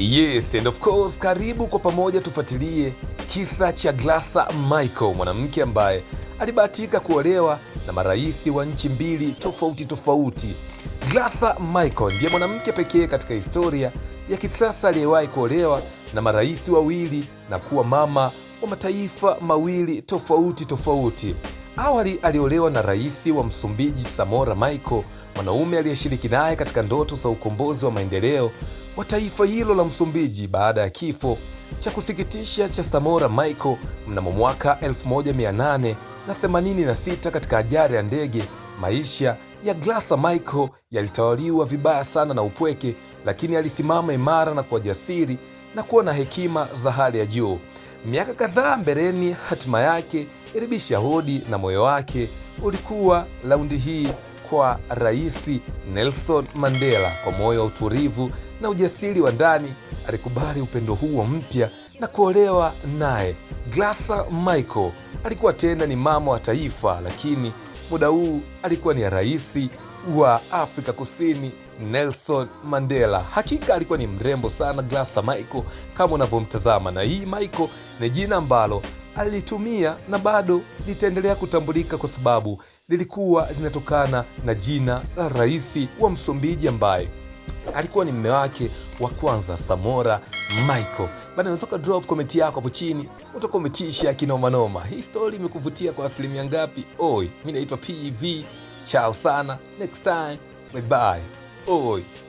Yes, and of course, karibu kwa pamoja tufuatilie kisa cha Glasa Michael, mwanamke ambaye alibahatika kuolewa na marais wa nchi mbili tofauti tofauti. Glasa Michael ndiye mwanamke pekee katika historia ya kisasa aliyewahi kuolewa na marais wawili na kuwa mama wa mataifa mawili tofauti tofauti. Awali aliolewa na rais wa Msumbiji Samora Michael, mwanaume aliyeshiriki naye katika ndoto za ukombozi wa maendeleo wa taifa hilo la Msumbiji baada ya kifo cha kusikitisha cha Samora Michael mnamo mwaka 1886 katika ajali ya ndege. Maisha ya glasa Michael yalitawaliwa vibaya sana na upweke, lakini alisimama imara na kwa jasiri na kuwa na hekima za hali ya juu. Miaka kadhaa mbeleni, hatima yake ilibisha hodi na moyo wake ulikuwa raundi hii kwa Rais Nelson Mandela. Kwa moyo wa utulivu na ujasiri wa ndani, alikubali upendo huo mpya na kuolewa naye. Graca Michael alikuwa tena ni mama wa taifa, lakini muda huu alikuwa ni rais wa Afrika Kusini Nelson Mandela. Hakika alikuwa ni mrembo sana Graca Michael kama unavyomtazama, na hii Michael ni jina ambalo alitumia na bado litaendelea kutambulika kwa sababu lilikuwa linatokana na jina la rais wa Msumbiji ambaye alikuwa ni mme wake wa kwanza Samora Michael. Bana, unataka drop comment yako hapo chini, utakometisha kinoma noma. Hii story imekuvutia kwa asilimia ngapi? Oi, mimi naitwa PV Ciao sana, next time, bye bye. Oi.